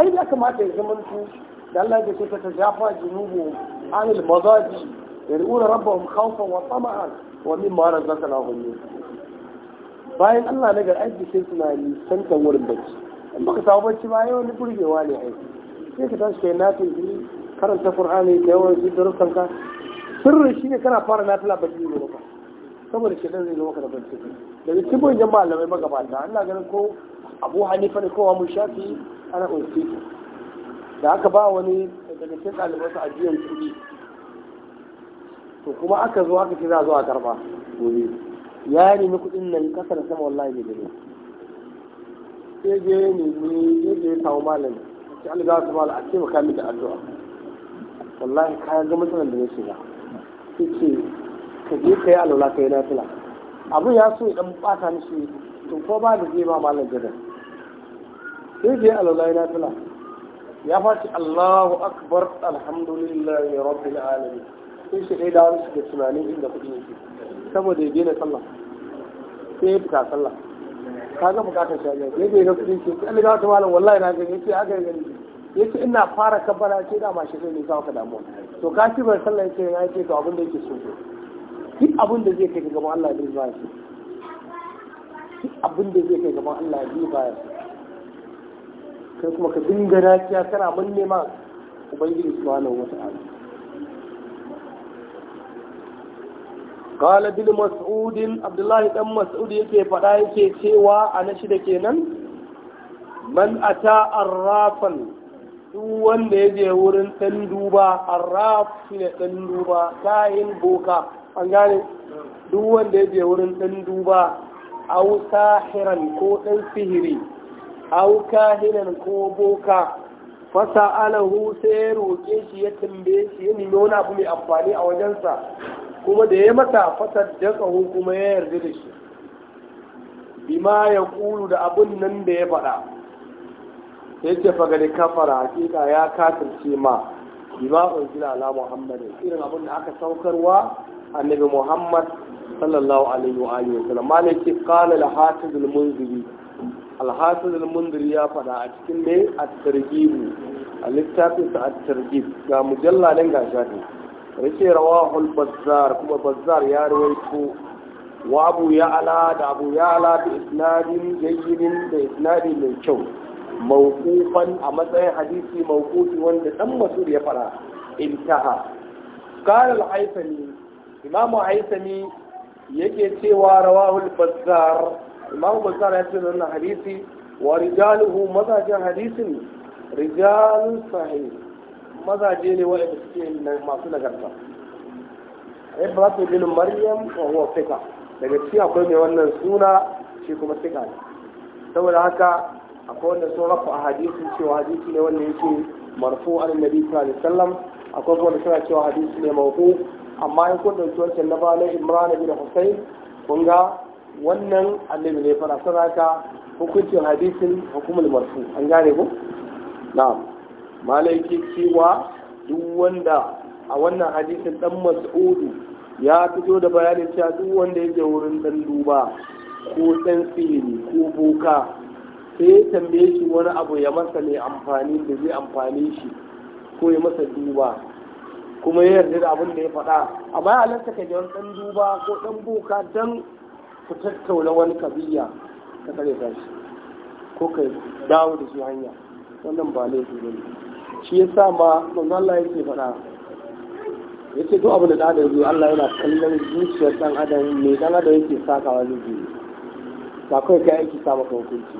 ai ya kamata ya zama su da Allah ya ce ta jafa junubu anil mazaji yar'una rabbahum khawfan wa tama'an wa min za razaqana hum bayan Allah na ga aiki sai suna nisantar wurin bacci in baka samu bacci ba yau da burgewa ne ai sai ka tashi kai natin ji karanta qur'ani da yawan su darussan ka sirri shine kana fara tala bacci ne ba saboda shedan zai zo maka da bacci da cikin manyan malamai magabata Allah ganin ko Abu Hanifa ne ko Abu Shafi ana unsi da aka ba wani daga cikin ɗalibansa ajiyar kuɗi to kuma aka zo aka ce za a zo a karba gobe ya nemi kuɗin nan kasar sama wallahi bai gani sai je ya nemi sai je ya samu malam ce an ga su malam a ce maka da addu'a wallahi kayan ga matsalar da ya shiga sai ce ka je ka yi alwala ka yi nafila abin ya so ya dan bata mishi to ko ba da zai ba malam gidan sai je alwala ya nafila ya faci Allahu akbar alhamdulillahi rabbil alamin sai shi ɗaya dawo shi da tunanin inda kuɗi yake saboda ya daina sallah sai ya fita sallah ka ga bukatar shi ajiyar ya daina kuɗi ce sai aligawa ta malam wallahi na gani yace aka gani yace ina fara kabbara ce da ma shi zai ne kawo ka damuwa to ka ci bar sallah yace ya ce to abin da yake so duk abin da zai kai gaban Allah ya ba shi duk abin da zai kai gaban Allah ya ba shi kai kuma ka dinga rakiya kana mun nema ubangiji subhanahu wata'ala قال ابن مسعود عبد الله بن مسعود yake faɗa yake cewa a na shida kenan man ata arrafan duk wanda ya je wurin ɗan duba arraf ne ɗan duba kayan boka an gane duk wanda ya je wurin ɗan duba au sahiran ko ɗan sihiri au kahinan ko boka fasa alahu sai ya roƙe shi ya tambaye shi ya nemi wani abu mai amfani a wajensa kuma da ya mata fasar da kuma ya yarda da shi bima ya kulu da abun nan da ya faɗa ya ce faga da kafara hakika ya kasance ma bima unzila ala muhammadin irin abun da aka saukarwa annabi muhammad sallallahu alaihi wa alihi wasallam malaki qala al hasid al munziri al hasid al munziri ya faɗa a cikin ne at targhib al littafin at targhib ga mujalladin gashi yace rawahul bazzar kuma bazzar ya rawaito wa abu ya'la da abu ya'la da isnadin jayyidin da isnadi mai kyau mawqufan a matsayin hadisi mawqufi wanda dan masud ya fara intaha qala al-haythami imamu haythami yake cewa rawahul bazzar imamu bazzar ya ce wannan hadisi wa rijaluhu mazajin hadisin rijalun sahih mazaje ne waɗanda suke masu nagarta eh, ba su bin maryam wa huwa fika daga ciki akwai mai wannan suna shi kuma fika ne saboda haka akwai wanda sun rafa a hadisin cewa hadisi ne wanda yake marfu an nabi sallallahu alaihi wasallam akwai wanda suna cewa hadisi ne mawqu amma in kun dauki wancan na bana imran bin husayn kun ga wannan annabi ne fara saboda haka hukuncin hadisin hukumul marfu an gane ko na'am malai cewa duk wanda a wannan hadisin dan mas'udu ya fito da bayanin cewa duk wanda yake wurin dan duba ko dan tsini ko boka sai tambaye shi wani abu ya masa mai amfani da zai amfani shi ko ya masa duba kuma ya yarda da abin da ya faɗa amma ya halatta ka ga dan duba ko dan boka dan ku tattauna wani kabiya ka kare shi ko ka dawo da shi hanya wannan ba laifi ne shi ya sa ma manzo Allah ce faɗa ya ce duk abu da ɗan zuwa Allah yana kallon zuciyar ɗan adam mai ɗan adam yake sakawa zuci ba kawai kai aiki sa maka hukunci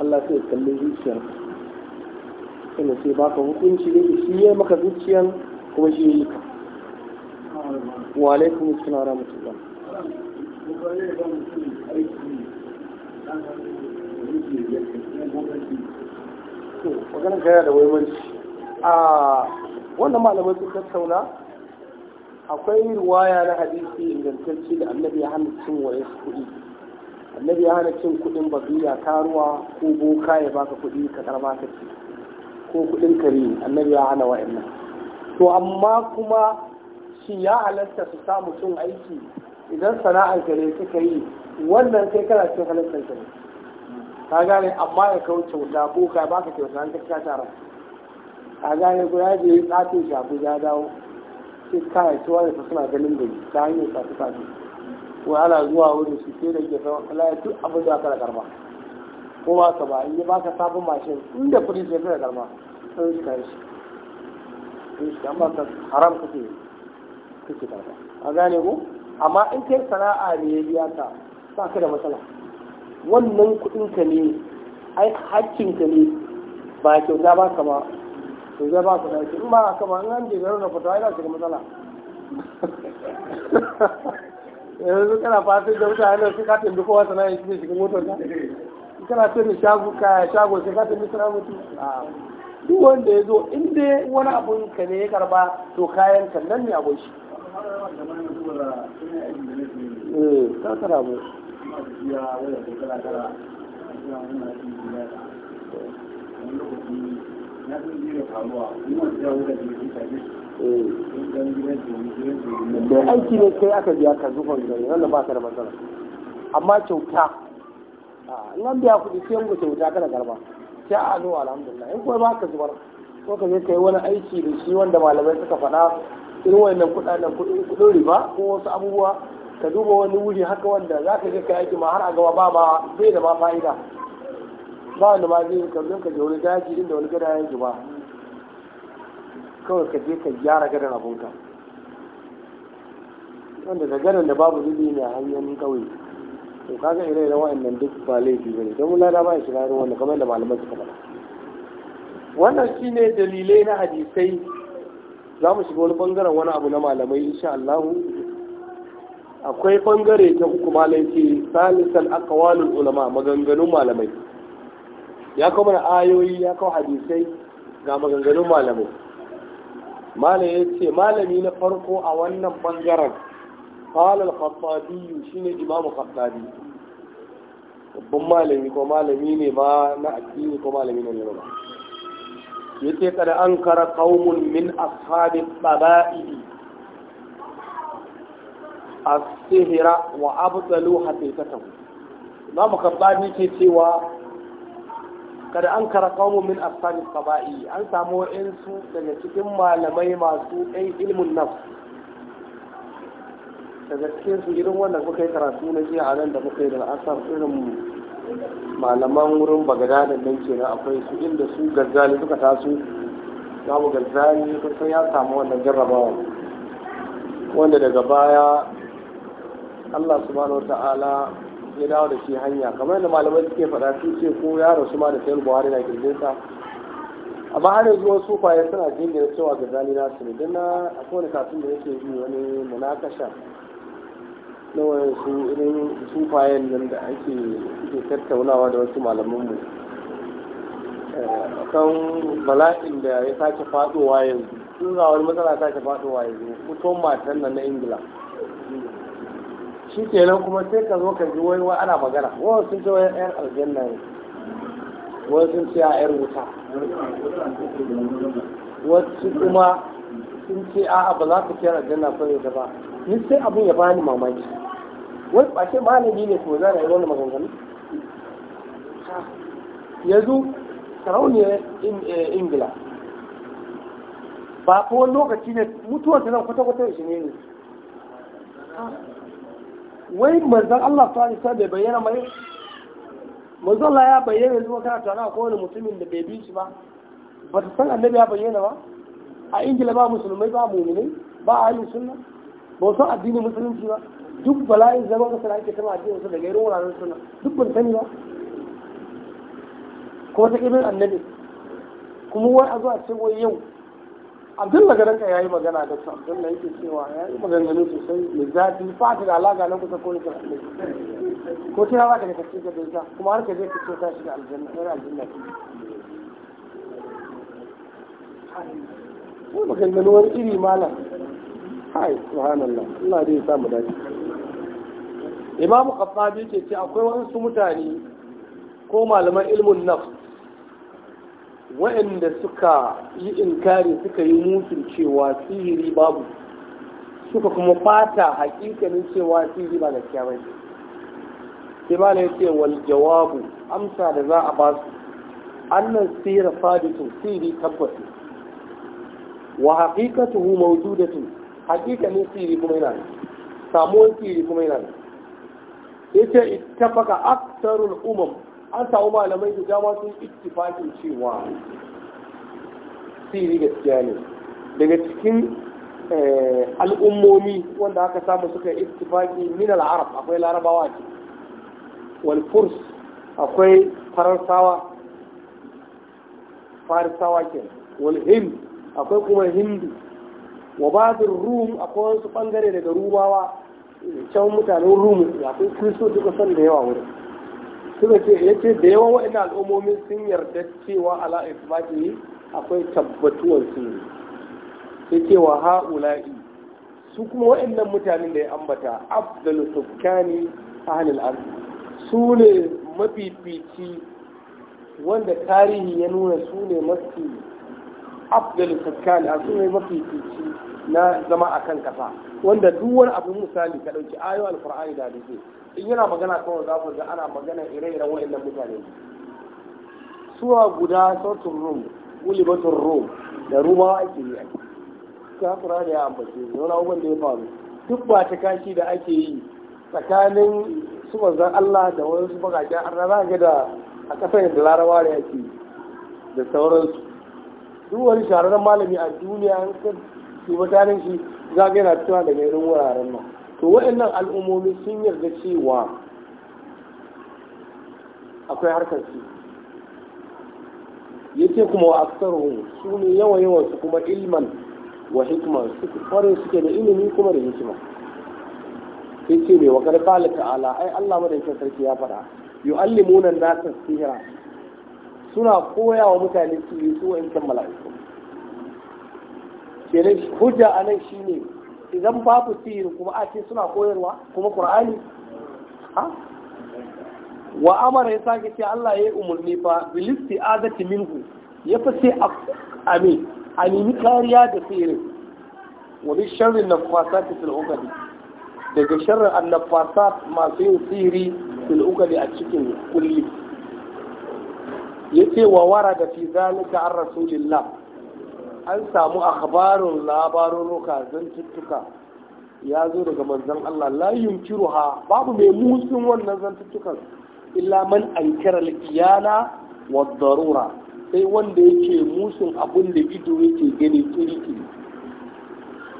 Allah sai kalli zuciyar sai sai baka hukunci ne shi ya maka zuciyar kuma shi ya yi ka wa alaikum assalam wa rahmatullah aiki to maganin ka da muhimmanci a wannan malamai sun tattauna akwai ruwaya na hadisi ingantacce da annabi ya hana cin waye kuɗi annabi ya hana cin kuɗin babiya karuwa ko boka ya baka kuɗi ka karba ka ci ko kuɗin kare annabi ya hana wa'annan to amma kuma shi ya halatta su samu cin aiki idan sana'ar kare suka yi wannan sai kana cin halattar kare ka gane amma ya kawo kyauta ko ka ba ka kyauta an ka tara ka gane ko ya je shi shafi ya dawo sai kaya tuwa da suna ganin da ta hanyar shafi shafi ko ana zuwa wurin su sai da ke sama Allah ya tu abin da aka karba ko ba ka ba in ba ka sabon mashin inda kudi sai da karba sai shi kai shi sai shi amma ka haram kake kake karba ka gane ko amma in kai sana'a ne ya biya ta, ba ka da matsala wannan kuɗinka ne ai hakkinka ne ba kyauta ba ka ba kyauta ba ka dace in ba ka ba in an je garin na fito ai za ka ga matsala yanzu kana fatan da mutane su ka tambi kowa sana'a ya shiga motar ka kana so ne shago ka shago sai ka tambi sana'a mutu duk wanda ya zo inda wani abun ka ne ya karba to kayan ka nan ne abun shi eh karkara mu da aiki ne kai aka biya ka zuwan gari nan da ba ka da matsala amma kyauta in an biya kuɗi sai mu kyauta kana garba sai a zo alhamdulillah in kuma ba ka zubar ko ka je kai wani aiki da shi wanda malamai suka faɗa irin wannan kuɗaɗen kuɗin riba ko wasu abubuwa ka duba wani wuri haka wanda za ka je ka aiki ma har a gaba ba ma bai da ma fa'ida ba wanda ma zai ka zan ka je wani daji inda wani gada ya yi ba kawai ka je ka gyara gadan abota wanda da gadan da babu zubi ne a hanyar kawai, to kaga ire da wa'annan duk ba laifi ne don mun lada ba ya shiga irin wanda kamar da malamai suka faɗa wannan shine dalilai na hadisai za mu shiga wani bangaren wani abu na malamai insha Allah akwai bangare ta uku malai salisan akawalin ulama maganganun malamai ya kawo mana ayoyi ya kawo hadisai ga maganganun malamai malai ya ce malami na farko a wannan bangaren halal khattabi shine imamu khattabi babban malami ko malami ne ba na addini ko malami ne na yace kada an kara qaumun min ashabi tabai asihira wa abdalu haqiqatan Imam Kabbani ke cewa kada an kara qawmun min ashabi qaba'i an samu su daga cikin malamai masu ɗan ilmin nafs daga cikin su irin wannan kuka yi karatu na jiya a nan da muka yi da asar irin malaman wurin bagada da nan kenan akwai su inda su gazzali suka taso gazzali ya samu wannan jarrabawa wanda daga baya Allah subhanahu ala ya dawo da shi hanya kamar yadda malamai suke faɗa su ce ko ya rasu ma da sayar buhari na kirjinsa amma har yanzu wasu kwaye suna jingina cewa ga zali na su ne don na akwai wani kafin da yake yi wani munakasha na su irin kwayen nan da ake ke tattaunawa da wasu malamanmu eh, kan bala'in da ya sake faɗowa yanzu tun wani matsala sake faɗowa yanzu mutum matan nan na ingila shi kenan kuma sai ka zo ka ji wai wa ana magana wani sun ce wai yan aljanna ne Wani sun ce a yar wuta wasu kuma sun ce a'a ba za ka ce aljanna ko ne ba ni sai abin ya bani mamaki wai ba ce malami ne ko za na yi wannan maganganu yanzu sarauniyar eh, ingila ba kowane lokaci ne mutuwar ta zan kwata-kwata shi ne ne wai manzan Allah ta alisa bai bayyana mai manzan Allah ya bayyana zuwa kana tana ko wani mutumin da bai bi shi ba ba ta san annabi ya bayyana ba a ingila ba musulmai ba muminai ba a yi sunna ba san addinin musulunci ba duk bala'in zaman kasar ake kama addinin su daga irin wuraren suna duk ban sani ba ko ta ibin annabi kuma wai a zuwa cewa wai yau abdulla garanka ya yi magana da su abdulla yake cewa ya yi maganganu sosai mai zafi ba ta da alaƙa na kusa ko nufin allai ko ta yawa ka kace ka bai kuma har ka je ka ce ta shiga aljanna yar aljanna ce sai maganganu wani iri malam hai subhanallah Allah dai ya sa mu dace imamu qattabi ce akwai wasu mutane ko malaman ilmun nafs waɗanda suka yi inkari suka yi mutun cewa sihiri babu suka kuma fata hakikanin cewa sihiri ba gaskiya ba ne sai ba ya ce wal jawabu amsa da za a ba su annan sihira fadito sihiri tabbatu wa haqiqatuhu mawjudatu haqiqanin sihiri kuma yana samuwar sihiri kuma yana yace ittafaqa aktarul umam an samu malamai da dama sun ittifakin cewa sihiri gaskiya ne daga cikin eh, al'ummomi wanda aka samu suka ittifaki min al'arab akwai larabawa ce wal furs akwai faransawa farisawa ke wal hind akwai kuma hindu wa babin rum akwai wasu bangare daga rumawa can mutanen rum akwai kristo duka san da yawa wurin suka ce ya ce da yawan waɗannan al'ummomi sun yarda cewa ala isbati akwai tabbatuwar ya ce wa ha'ula'i su kuma waɗannan mutanen da ya ambata afdalu sukkani hannun ard su ne mafifici wanda tarihi ya nuna su ne mafi afdal saskani a sunai mafi fici na zama a kan kasa wanda duk wani abu misali ka ɗauki ayo alkur'ani da dake in yana magana kawai za ku ga ana magana ire-iren waɗannan mutane suwa guda sautin rum gulibatun rum da rumawa ake yi ake ta da ya ambace ne wani abubuwan da ya faru duk ba ta kashi da ake yi tsakanin su manzan Allah da wasu bakaken an rana ga da a ƙasar da larabawa da yake da sauransu duk wani shahararren malami a duniya an kan su mutanen shi za ga yana fitowa daga irin wuraren nan to waɗannan al'ummomi sun yarda cewa akwai harkar su ce kuma wa aksaruhum su ne yawa yawan su kuma ilman wa hikma su kwarin suke da ilimi kuma da hikima ce mai wa qala ta'ala ai Allah madaukakin sarki ya faɗa yu'allimuna an-nasa sihira suna koya wa mutane su yi su wa'incan mala'iku nan hujja a nan ne idan babu sihiri kuma a suna koyarwa kuma ƙura'ani? ha wa amara ya sake ce Allah ya yi umarni fa bil isti'azati minhu ya fi sai ame a nemi kariya da sihirin wa bi na fasa ta uqad daga sharrin fasa masu yin sihiri fil a cikin kulli ce wa warada fi zalika an rasulillah an samu akhbarun labaruruka zantuttuka ya zo daga manzon Allah la yunkiruha babu mai musun wannan zantuttukan illa man ankara al-iyana wa darura sai wanda yake musun abun da ido yake gani kiriki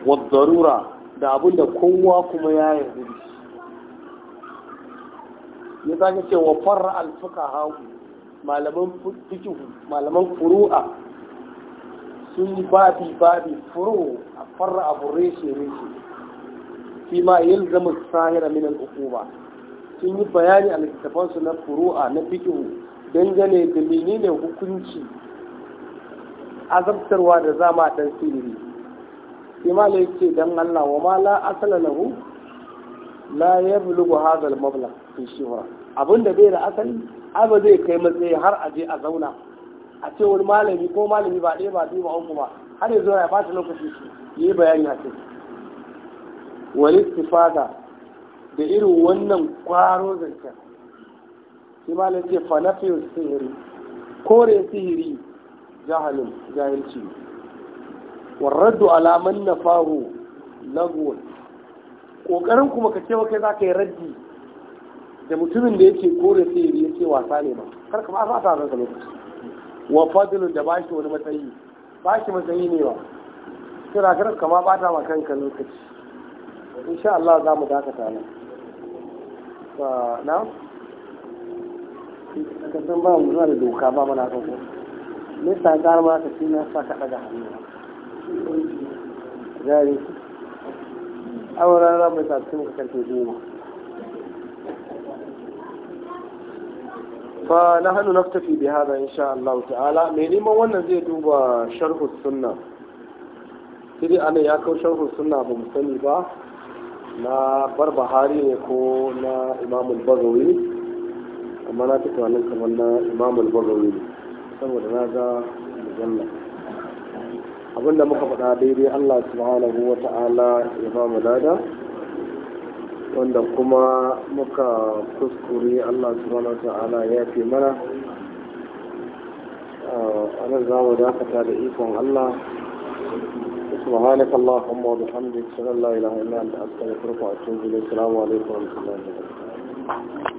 wa darura da abun da kowa kuma ya yarda ya zaka ce wa farra al-fuqaha malaman fikihu malaman furu'a sun yi babi babi furu a fara abu reshe reshe fi ma yin zama sahira uku ba sun yi bayani a littafansu na furu'a na fikihu dangane da menene hukunci azabtarwa da zama dan sirri fi ma la yake dan Allah wa ma la asala lahu la yablughu hadha al-mablagh fi shura abinda bai da asali abu zai kai matsayi har a je a zauna a ce wani malami ko malami ba ɗaya ba biyu ba uku ba har ya zauna ya bata lokaci yi bayani a kai wani istifada da irin wannan kwaro zancen shi malam ce fanafin sihiri kore sihiri jahalin jahilci warraddu alaman na faru lagos ƙoƙarin kuma ka ce wa kai za ka yi raddi da mutumin da yake kore sai ya yake wasa ne ba kar ka a sa ta zanka lokaci wa fadlun da bashi wani matsayi bashi matsayi ne ba kira kar ka ma bata ma kanka lokaci insha Allah za mu dakata nan na ka san ba mu zuwa da doka ba mana kanko me sa kar ma ka na sa ka daga hannu gari auren mai ta cikin ke goma fa na hannu naktafi bi hada insha Allah ta'ala mai neman wannan zai duba sharhu sunna sai ana ya kawo sharhu sunna ba mu sani ba na barbahari ne ko na imamul bagawi amma na ta tunanin na imamul bagawi ne saboda na ga mujalla abinda muka faɗa daidai Allah subhanahu ta'ala ya ba mu lada wanda kuma muka kuskure Allah subhanahu wa ta'ala ya fi mana a nan za mu dakata da ikon Allah سبحانك اللهم وبحمدك اشهد ان لا اله الا انت استغفرك واتوب اليك السلام عليكم ورحمه الله وبركاته